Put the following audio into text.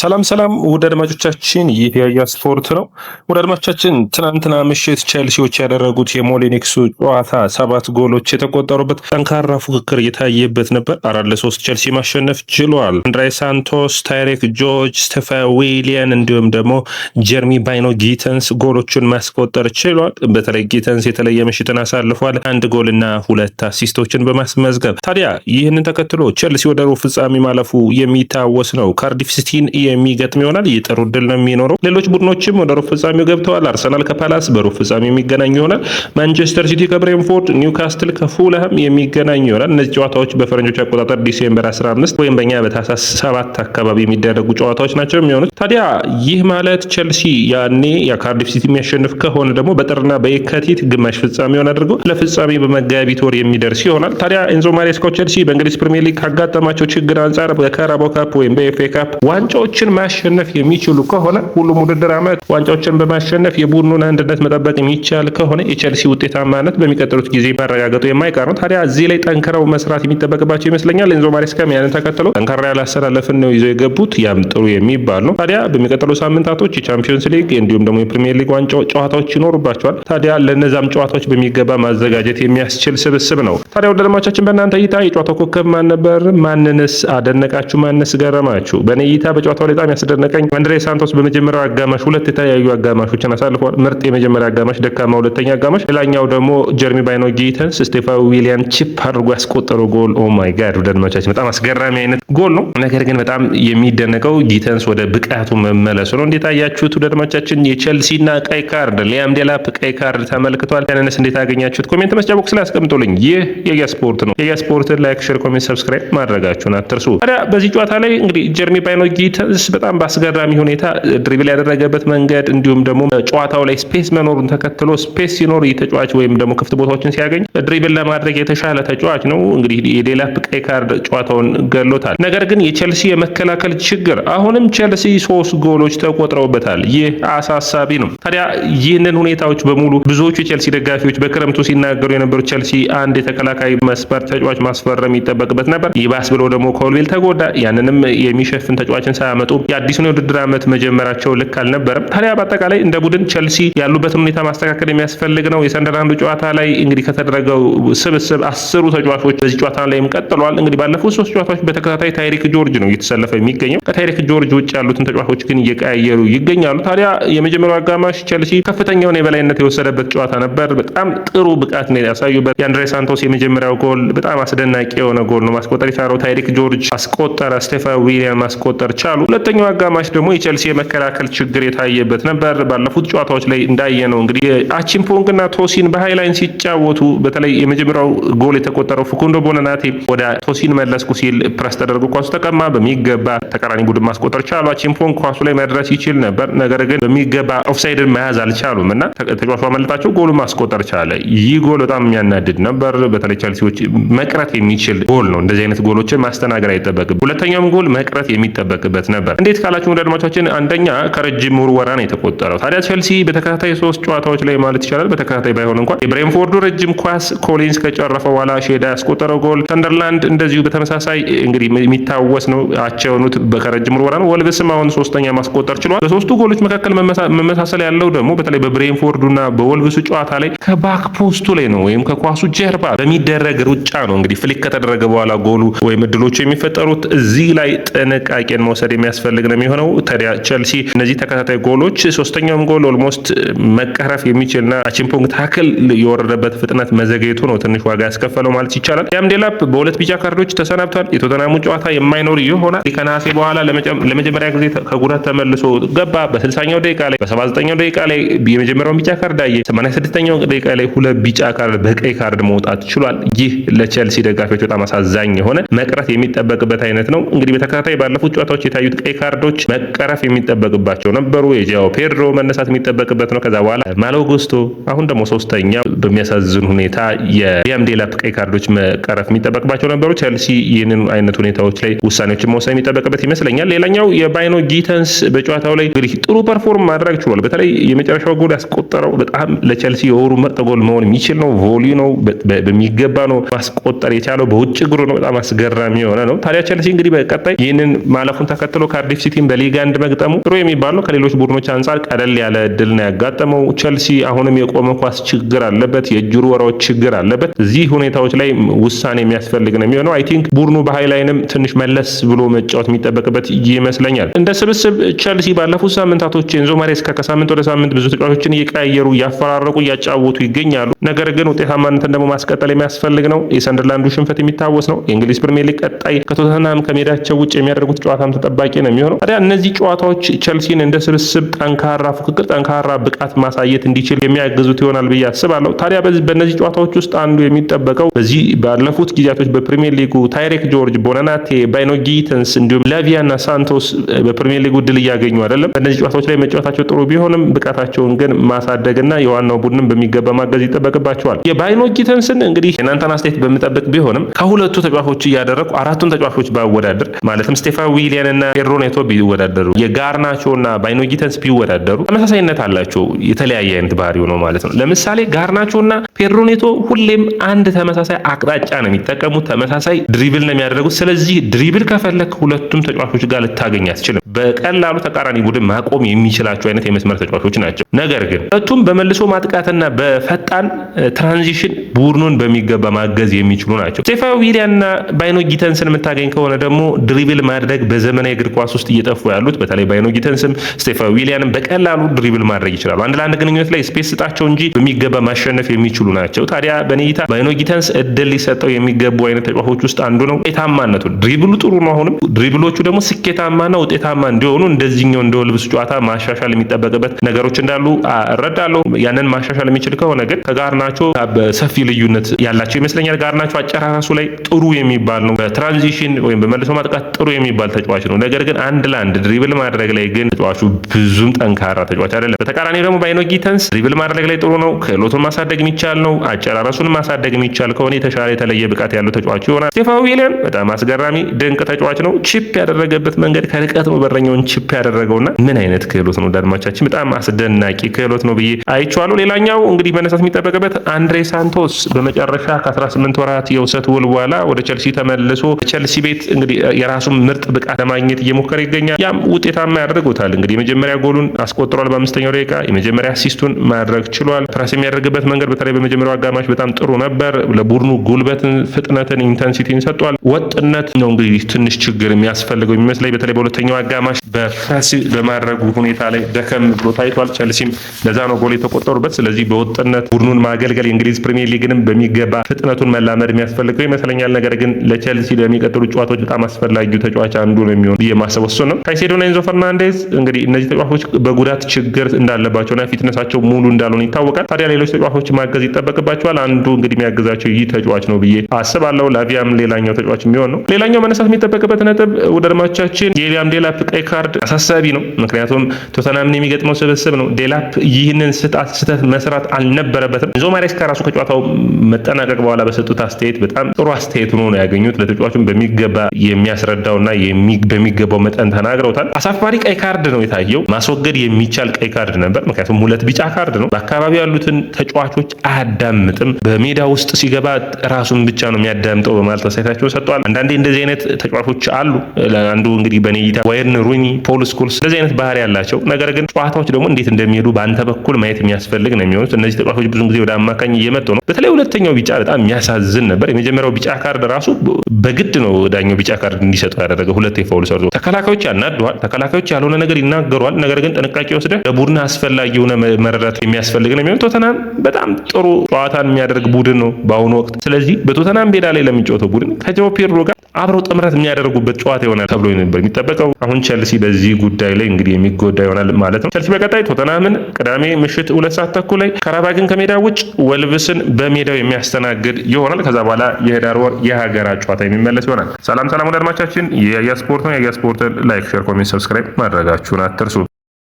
ሰላም ሰላም ውድ አድማጮቻችን ይህ ያያ ስፖርት ነው። ውድ አድማጮቻችን ትናንትና ምሽት ቼልሲዎች ያደረጉት የሞሊኒክሱ ጨዋታ ሰባት ጎሎች የተቆጠሩበት ጠንካራ ፉክክር እየታየበት ነበር። አራት ለሶስት ቼልሲ ማሸነፍ ችሏል። አንድራይ ሳንቶስ፣ ታይሬክ ጆርጅ፣ ስቴፋ ዊሊያን እንዲሁም ደግሞ ጀርሚ ባይኖ ጊተንስ ጎሎቹን ማስቆጠር ችሏል። በተለይ ጊተንስ የተለየ ምሽትን አሳልፏል። አንድ ጎልና ሁለት አሲስቶችን በማስመዝገብ ታዲያ ይህንን ተከትሎ ቼልሲ ወደ ሩብ ፍጻሜ ማለፉ የሚታወስ ነው። ካርዲፍ ሲቲን የሚገጥም ይሆናል። ይህ ጥሩ ድል ነው የሚኖረው። ሌሎች ቡድኖችም ወደ ሩብ ፍጻሜው ገብተዋል። አርሰናል ከፓላስ በሩብ ፍጻሜ የሚገናኙ ይሆናል። ማንቸስተር ሲቲ ከብሬንፎርድ፣ ኒውካስትል ከፉለህም የሚገናኙ ይሆናል። እነዚህ ጨዋታዎች በፈረንጆች አቆጣጠር ዲሴምበር 15 ወይም በእኛ በታህሳስ 7 አካባቢ የሚደረጉ ጨዋታዎች ናቸው የሚሆኑት። ታዲያ ይህ ማለት ቸልሲ ያኔ የካርዲፍ ሲቲ የሚያሸንፍ ከሆነ ደግሞ በጥርና በየካቲት ግማሽ ፍጻሜውን አድርገው ለፍጻሜ በመጋቢት ወር የሚደርስ ይሆናል። ታዲያ ኤንዞ ማሬስካ ቸልሲ በእንግሊዝ ፕሪሚየር ሊግ ካጋጠማቸው ችግር አንጻር በካራባኦ ካፕ ወይም በኤፍኤ ካፕ ዋንጫዎች ውድድሮችን ማሸነፍ የሚችሉ ከሆነ ሁሉም ውድድር ዓመት ዋንጫዎችን በማሸነፍ የቡድኑን አንድነት መጠበቅ የሚቻል ከሆነ የቼልሲ ውጤታማነት በሚቀጥሉት ጊዜ ማረጋገጡ የማይቀር ነው። ታዲያ እዚህ ላይ ጠንክረው መስራት የሚጠበቅባቸው ይመስለኛል። ኤንዞ ማሬስካም ያንን ተከትሎ ጠንካራ ያላሰላለፍን ነው ይዘው የገቡት። ያም ጥሩ የሚባል ነው። ታዲያ በሚቀጥሉ ሳምንታቶች የቻምፒዮንስ ሊግ እንዲሁም ደግሞ የፕሪሚየር ሊግ ዋንጫ ጨዋታዎች ይኖሩባቸዋል። ታዲያ ለነዛም ጨዋታዎች በሚገባ ማዘጋጀት የሚያስችል ስብስብ ነው። ታዲያ ወደ ልማቻችን በእናንተ እይታ የጨዋታው ኮከብ ማን ነበር? ማንንስ አደነቃችሁ? ማንስ ገረማችሁ? በእኔ እይታ በጨዋታ ጨዋታው ላይ በጣም ያስደነቀኝ አንድሬ ሳንቶስ በመጀመሪያው አጋማሽ ሁለት የተለያዩ አጋማሾችን አሳልፏል። ምርጥ የመጀመሪያ አጋማሽ፣ ደካማ ሁለተኛ አጋማሽ፣ ሌላኛው ደግሞ ጀርሚ ባይኖ ጌተንስ ስቴፋ ዊሊያን ቺፕ አድርጎ ያስቆጠረው ጎል ኦ ማይ ጋድ ደድማቻችን በጣም አስገራሚ አይነት ጎል ነው። ነገር ግን በጣም የሚደነቀው ጊተንስ ወደ ብቃቱ መመለሱ ነው። እንዴት አያችሁት ደድማቻችን? የቼልሲና ቀይ ካርድ ሊያም ዴላፕ ቀይ ካርድ ተመልክቷል። ያንነስ እንዴት አገኛችሁት? ኮሜንት መስጫ ቦክስ ላይ አስቀምጡልኝ። ይህ የያ ስፖርት ነው። የያ ስፖርትን ላይክ፣ ሼር፣ ኮሜንት ሰብስክራይብ ማድረጋችሁን አትርሱ። ታዲያ በዚህ ጨዋታ ላይ እንግዲህ ጀርሚ ባይኖ ጊተንስ በጣም በአስገራሚ ሁኔታ ድሪብል ያደረገበት መንገድ እንዲሁም ደግሞ ጨዋታው ላይ ስፔስ መኖሩን ተከትሎ ስፔስ ሲኖር የተጫዋች ወይም ደግሞ ክፍት ቦታዎችን ሲያገኝ ድሪብል ለማድረግ የተሻለ ተጫዋች ነው። እንግዲህ የሌላ ቀይ ካርድ ጨዋታውን ገሎታል። ነገር ግን የቸልሲ የመከላከል ችግር አሁንም ቼልሲ ሶስት ጎሎች ተቆጥረውበታል። ይህ አሳሳቢ ነው። ታዲያ ይህንን ሁኔታዎች በሙሉ ብዙዎቹ የቸልሲ ደጋፊዎች በክረምቱ ሲናገሩ የነበሩ ቸልሲ አንድ የተከላካይ መስመር ተጫዋች ማስፈረም ይጠበቅበት ነበር። ይባስ ብሎ ደግሞ ከልቤል ተጎዳ። ያንንም የሚሸፍን ተጫዋችን ሳያመ ሲቀመጡ የአዲሱን የውድድር ዓመት መጀመራቸው ልክ አልነበረም። ታዲያ በአጠቃላይ እንደ ቡድን ቸልሲ ያሉበትን ሁኔታ ማስተካከል የሚያስፈልግ ነው። የሰንደርላንዱ ጨዋታ ላይ እንግዲህ ከተደረገው ስብስብ አስሩ ተጫዋቾች በዚህ ጨዋታ ላይም ቀጥለዋል። እንግዲህ ባለፉት ሶስት ጨዋታዎች በተከታታይ ታይሪክ ጆርጅ ነው እየተሰለፈ የሚገኘው። ከታይሪክ ጆርጅ ውጭ ያሉትን ተጫዋቾች ግን እየቀያየሩ ይገኛሉ። ታዲያ የመጀመሪያው አጋማሽ ቸልሲ ከፍተኛውን የበላይነት የወሰደበት ጨዋታ ነበር። በጣም ጥሩ ብቃት ነው ያሳዩበት። የአንድሬ ሳንቶስ የመጀመሪያው ጎል በጣም አስደናቂ የሆነ ጎል ነው ማስቆጠር የቻለው። ታይሪክ ጆርጅ አስቆጠረ፣ ስቴፋ ዊሊያም ማስቆጠር ቻሉ። ሁለተኛው አጋማሽ ደግሞ የቼልሲ የመከላከል ችግር የታየበት ነበር። ባለፉት ጨዋታዎች ላይ ነው እንግዲህ አቺምፖንግ እና ቶሲን በሃይላይን ሲጫወቱ በተለይ የመጀመሪያው ጎል የተቆጠረው ፉኩንዶ ቦነናቴ ወደ ቶሲን መለስኩ ሲል ፕረስ ተደርጎ ኳሱ ተቀማ። በሚገባ ተቃራኒ ቡድን ማስቆጠር ቻሉ። አቺምፖንግ ኳሱ ላይ መድረስ ይችል ነበር፣ ነገር ግን በሚገባ ኦፍሳይድን መያዝ አልቻሉም እና ተጫዋቹ አመለጣቸው፣ ጎሉ ማስቆጠር ቻለ። ይህ ጎል በጣም የሚያናድድ ነበር። በተለይ ቼልሲዎች መቅረት የሚችል ጎል ነው። እንደዚህ አይነት ጎሎችን ማስተናገድ አይጠበቅም። ሁለተኛውም ጎል መቅረት የሚጠበቅበት ነበር። ነበር። እንዴት ካላችሁ ወደ አድማጮቻችን አንደኛ ከረጅም ውርወራ ነው የተቆጠረው። ታዲያ ቼልሲ በተከታታይ ሶስት ጨዋታዎች ላይ ማለት ይቻላል በተከታታይ ባይሆን እንኳን የብሬንፎርዱ ረጅም ኳስ ኮሊንስ ከጨረፈ በኋላ ሼዳ ያስቆጠረው ጎል፣ ሰንደርላንድ እንደዚሁ በተመሳሳይ እንግዲህ የሚታወስ ነው አቸውኑት የሆኑት ውርወራ ነው። ወልብስም አሁን ሶስተኛ ማስቆጠር ችሏል። በሶስቱ ጎሎች መካከል መመሳሰል ያለው ደግሞ በተለይ በብሬንፎርዱና በወልብሱ ጨዋታ ላይ ከባክ ፖስቱ ላይ ነው ወይም ከኳሱ ጀርባ በሚደረግ ሩጫ ነው እንግዲህ ፍሊክ ከተደረገ በኋላ ጎሉ ወይም እድሎቹ የሚፈጠሩት እዚህ ላይ ጥንቃቄን መውሰድ የሚያ የሚያስፈልግ ነው የሚሆነው። ታዲያ ቸልሲ እነዚህ ተከታታይ ጎሎች ሶስተኛውም ጎል ኦልሞስት መቀረፍ የሚችልና አቺምፖንግ ታክል የወረደበት ፍጥነት መዘገየቱ ነው ትንሽ ዋጋ ያስከፈለው ማለት ይቻላል። ያም ዴላፕ በሁለት ቢጫ ካርዶች ተሰናብቷል። የቶተናሙ ጨዋታ የማይኖር ይሆናል። ከነሐሴ በኋላ ለመጀመሪያ ጊዜ ከጉዳት ተመልሶ ገባ። በ60ኛው ደቂቃ ላይ በ79ኛው ደቂቃ ላይ የመጀመሪያውን ቢጫ ካርድ አየ። 86ኛው ደቂቃ ላይ ሁለት ቢጫ ካርድ በቀይ ካርድ መውጣት ችሏል። ይህ ለቸልሲ ደጋፊዎች በጣም አሳዛኝ የሆነ መቅረት የሚጠበቅበት አይነት ነው። እንግዲህ በተከታታይ ባለፉት ጨዋታዎች የታዩ ቀይ ካርዶች መቀረፍ የሚጠበቅባቸው ነበሩ። የጃው ፔድሮ መነሳት የሚጠበቅበት ነው። ከዛ በኋላ ማሎ አሁን ደግሞ ሶስተኛው በሚያሳዝን ሁኔታ የሊያም ዴላፕ ቀይ ካርዶች መቀረፍ የሚጠበቅባቸው ነበሩ። ቸልሲ ይህንን አይነት ሁኔታዎች ላይ ውሳኔዎችን መውሰድ የሚጠበቅበት ይመስለኛል። ሌላኛው የባይኖ ጊተንስ በጨዋታው ላይ እንግዲህ ጥሩ ፐርፎርም ማድረግ ችሏል። በተለይ የመጨረሻው ጎል ያስቆጠረው በጣም ለቸልሲ የወሩ ምርጥ ጎል መሆን የሚችል ነው። ቮሊ ነው በሚገባ ነው ማስቆጠር የቻለው በውጭ እግሩ ነው። በጣም አስገራሚ የሆነ ነው። ታዲያ ቸልሲ እንግዲህ በቀጣይ ይህንን ማለፉን ተከትሎ ብሎ ካርዲፍ ሲቲን በሊጋ አንድ መግጠሙ ጥሩ የሚባል ነው። ከሌሎች ቡድኖች አንጻር ቀለል ያለ እድል ነው ያጋጠመው። ቸልሲ አሁንም የቆመ ኳስ ችግር አለበት፣ የእጅሩ ወራዎች ችግር አለበት። እዚህ ሁኔታዎች ላይ ውሳኔ የሚያስፈልግ ነው የሚሆነው። አይ ቲንክ ቡድኑ በሀይ ላይንም ትንሽ መለስ ብሎ መጫወት የሚጠበቅበት ይመስለኛል። እንደ ስብስብ ቸልሲ ባለፉት ሳምንታቶች ኤንዞ ማሬስካ ከሳምንት ወደ ሳምንት ብዙ ተጫዋቾችን እየቀያየሩ እያፈራረቁ እያጫወቱ ይገኛሉ። ነገር ግን ውጤታማነትን ደግሞ ማስቀጠል የሚያስፈልግ ነው። የሰንደርላንዱ ሽንፈት የሚታወስ ነው። የእንግሊዝ ፕሪሚየር ሊግ ቀጣይ ከቶተናም ከሜዳቸው ውጭ የሚያደርጉት ጨዋታም ተጠባቂ ጥያቄ ነው የሚሆነው። ታዲያ እነዚህ ጨዋታዎች ቸልሲን እንደ ስብስብ ጠንካራ ፉክክር፣ ጠንካራ ብቃት ማሳየት እንዲችል የሚያግዙት ይሆናል ብዬ አስባለሁ። ታዲያ በእነዚህ ጨዋታዎች ውስጥ አንዱ የሚጠበቀው በዚህ ባለፉት ጊዜያቶች በፕሪሚየር ሊጉ ታይሬክ ጆርጅ፣ ቦነናቴ፣ ባይኖጊተንስ እንዲሁም ላቪያ ሳንቶስ በፕሪሚየር ሊጉ ድል እያገኙ አይደለም። በእነዚህ ጨዋታዎች ላይ መጫወታቸው ጥሩ ቢሆንም ብቃታቸውን ግን ማሳደግና የዋናው ቡድንም በሚገባ ማገዝ ይጠበቅባቸዋል። የባይኖጊተንስን እንግዲህ የእናንተን አስተያየት በምጠብቅ ቢሆንም ከሁለቱ ተጫዋቾች እያደረግኩ አራቱን ተጫዋቾች ባወዳድር ማለትም ስቴፋን ዊሊያን እና ፔድሮ ኔቶ ቢወዳደሩ የጋርናቾና ባይኖጊተንስ ቢወዳደሩ ተመሳሳይነት አላቸው። የተለያየ አይነት ባህሪ ነው ማለት ነው። ለምሳሌ ጋርናቾና ፔድሮ ኔቶ ሁሌም አንድ ተመሳሳይ አቅጣጫ ነው የሚጠቀሙት። ተመሳሳይ ድሪብል ነው የሚያደርጉት። ስለዚህ ድሪብል ከፈለክ ሁለቱም ተጫዋቾች ጋር ልታገኝ አትችልም። በቀላሉ ተቃራኒ ቡድን ማቆም የሚችላቸው አይነት የመስመር ተጫዋቾች ናቸው። ነገር ግን ሁለቱም በመልሶ ማጥቃትና በፈጣን ትራንዚሽን ቡድኑን በሚገባ ማገዝ የሚችሉ ናቸው። ስቴፋ ዊሊያንና ባይኖ ጊተንስን የምታገኝ ከሆነ ደግሞ ድሪብል ማድረግ በዘመናዊ እግር ኳስ ውስጥ እየጠፉ ያሉት በተለይ ባይኖ ጊተንስም ስቴፋ ዊሊያንም በቀላሉ ድሪብል ማድረግ ይችላሉ። አንድ ለአንድ ግንኙነት ላይ ስፔስ ስጣቸው እንጂ በሚገባ ማሸነፍ የሚችሉ ናቸው። ታዲያ በኔ እይታ ባይኖ ጊተንስ እድል ሊሰጠው የሚገቡ አይነት ተጫዋቾች ውስጥ አንዱ ነው። ውጤታማነቱ ድሪብሉ ጥሩ ነው። አሁንም ድሪብሎቹ ደግሞ ስኬታማና ውጤታማ እንዲሆኑ እንደዚህኛው እንደ ወልብስ ጨዋታ ማሻሻል የሚጠበቅበት ነገሮች እንዳሉ እረዳለሁ። ያንን ማሻሻል የሚችል ከሆነ ግን ከጋርናቾ በሰፊ ልዩነት ያላቸው ይመስለኛል። ጋርናቾ አጨራረሱ ላይ ጥሩ የሚባል ነው። በትራንዚሽን ወይም በመልሶ ማጥቃት ጥሩ የሚባል ተጫዋች ነው ነገር ግን አንድ ለአንድ ድሪብል ማድረግ ላይ ግን ተጫዋቹ ብዙም ጠንካራ ተጫዋች አይደለም። በተቃራኒው ደግሞ ባይኖ ጊተንስ ድሪብል ማድረግ ላይ ጥሩ ነው። ክህሎቱን ማሳደግ የሚቻል ነው። አጨራረሱን ማሳደግ የሚቻል ከሆነ የተሻለ የተለየ ብቃት ያለው ተጫዋች ይሆናል። ስቴፋ ዊሊያን በጣም አስገራሚ ድንቅ ተጫዋች ነው። ቺፕ ያደረገበት መንገድ ከርቀት ነው በረኛውን ቺፕ ያደረገውና ምን አይነት ክህሎት ነው ዳድማቻችን፣ በጣም አስደናቂ ክህሎት ነው ብዬ አይቼዋለሁ። ሌላኛው እንግዲህ መነሳት የሚጠበቅበት አንድሬ ሳንቶስ በመጨረሻ ከ18 ወራት የውሰት ውል በኋላ ወደ ቸልሲ ተመልሶ ቸልሲ ቤት እንግዲህ የራሱን ምርጥ ብቃት ለማግኘት እየሞከረ ይገኛል። ያም ውጤታማ ያደርጉታል። እንግዲህ የመጀመሪያ ጎሉን አስቆጥሯል። በአምስተኛው ደቂቃ የመጀመሪያ አሲስቱን ማድረግ ችሏል። ፕራስ የሚያደርግበት መንገድ በተለይ በመጀመሪያው አጋማሽ በጣም ጥሩ ነበር። ለቡድኑ ጉልበትን፣ ፍጥነትን፣ ኢንተንሲቲን ሰጥቷል። ወጥነት ነው እንግዲህ ትንሽ ችግር የሚያስፈልገው የሚመስለኝ በተለይ በሁለተኛው አጋማሽ በፕረስ በማድረጉ ሁኔታ ላይ ደከም ብሎ ታይቷል። ቸልሲም ለዛ ነው ጎል የተቆጠሩበት። ስለዚህ በወጥነት ቡድኑን ማገልገል የእንግሊዝ ፕሪሚየር ሊግንም በሚገባ ፍጥነቱን መላመድ የሚያስፈልገው ይመስለኛል። ነገር ግን ለቸልሲ ለሚቀጥሉ ጨዋታዎች በጣም አስፈላጊው ተጫዋች አንዱ ነው የሚሆን የማስበው እሱ ነው። ካይሴዶና ኤንዞ ፈርናንዴዝ እንግዲህ እነዚህ ተጫዋቾች በጉዳት ችግር እንዳለባቸውና ፊትነሳቸው ሙሉ እንዳልሆነ ይታወቃል። ታዲያ ሌሎች ተጫዋቾች ማገዝ ይጠበቅባቸዋል። አንዱ እንግዲህ የሚያገዛቸው ይህ ተጫዋች ነው ብዬ አስባለሁ። ላቪያም ሌላኛው ተጫዋች የሚሆን ነው። ሌላኛው መነሳት የሚጠበቅበት ነጥብ ወደ አድማቻችን የሊያም ዴላፕ ቀይ ካርድ አሳሳቢ ነው። ምክንያቱም ቶተናምን የሚገጥመው ስብስብ ነው። ዴላፕ ይህንን ስህተት መስራት አልነበረበትም። ኢንዞ ማሬስካ ራሱ ከጨዋታው መጠናቀቅ በኋላ በሰጡት አስተያየት በጣም ጥሩ አስተያየት ሆኖ ነው ያገኙት። ለተጫዋቹም በሚገባ የሚያስረዳውና በሚገ በሚገባው መጠን ተናግረውታል። አሳፋሪ ቀይ ካርድ ነው የታየው። ማስወገድ የሚቻል ቀይ ካርድ ነበር፣ ምክንያቱም ሁለት ቢጫ ካርድ ነው። በአካባቢው ያሉትን ተጫዋቾች አያዳምጥም፣ በሜዳ ውስጥ ሲገባ ራሱን ብቻ ነው የሚያዳምጠው በማለት አስተያየታቸውን ሰጥተዋል። አንዳንዴ እንደዚህ አይነት ተጫዋቾች አሉ። አንዱ እንግዲህ በኔ እይታ ዋይርን ሩኒ፣ ፖል ስኮልስ እንደዚህ አይነት ባህሪ ያላቸው ነገር ግን ጨዋታዎች ደግሞ እንዴት እንደሚሄዱ በአንተ በኩል ማየት የሚያስፈልግ ነው የሚሆኑት። እነዚህ ተጫዋቾች ብዙ ጊዜ ወደ አማካኝ እየመጡ ነው። በተለይ ሁለተኛው ቢጫ በጣም የሚያሳዝን ነበር። የመጀመሪያው ቢጫ ካርድ ራሱ በግድ ነው ዳኛው ቢጫ ካርድ እንዲሰጠው ያደረገ ሁለት የፋውል ሰርዞ ተከላካዮች ያናዷል፣ ተከላካዮች ያልሆነ ነገር ይናገሯል። ነገር ግን ጥንቃቄ ወስደ ለቡድን አስፈላጊ የሆነ መረዳት የሚያስፈልግ ነው የሚሆን። ቶተናም በጣም ጥሩ ጨዋታን የሚያደርግ ቡድን ነው በአሁኑ ወቅት። ስለዚህ በቶተናም ሜዳ ላይ ለሚጫወተው ቡድን ከጆ ፔድሮ ጋር አብረው ጥምረት የሚያደርጉበት ጨዋታ ይሆናል ተብሎ ነበር የሚጠበቀው። አሁን ቸልሲ በዚህ ጉዳይ ላይ እንግዲህ የሚጎዳ ይሆናል ማለት ነው። ቸልሲ በቀጣይ ቶተናምን ቅዳሜ ምሽት ሁለት ሰዓት ተኩል ላይ ከራባግን ከሜዳ ውጭ ወልቭስን በሜዳው የሚያስተናግድ ይሆናል። ከዛ በኋላ የህዳር ወር የሀገራት ጨዋታ የሚመለስ ይሆናል። ሰላም ሰላም ወደ ወዳድማቻችን የያስፖርት ነው። ፖርታል ላይክ፣ ሼር፣ ኮሜንት፣ ሰብስክራይብ ማድረጋችሁን አትርሱ።